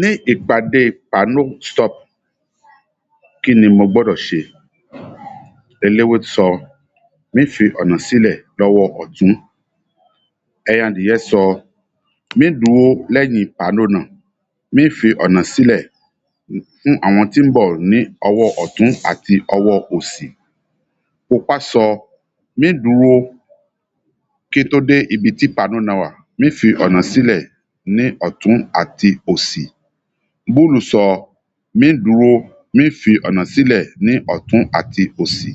Ní ìpàdé PANOSTOP, kí ni mo gbọ́dọ̀ ṣe? Eléwé sọ, mí fi ọ̀nà sílẹ̀ lọ́wọ́ ọ̀tún. Ẹyandìẹ sọ, mí dúró lẹ́yìn pànó náà, mí fi ọ̀nà sílẹ̀ fún àwọn tí ń bọ̀ ní ọwọ́ ọ̀tún àti ọwọ́ òsì. Pupa sọ, mí dúró kí n tó dé ibi tí pànó náà wà, mí fi ọ̀nà sílẹ̀ ní ọ̀tún àti òsì. Bólú sọ, "mi dúró, mi fi ọ̀nà sílẹ̀ ní ọ̀tún àti òsì!"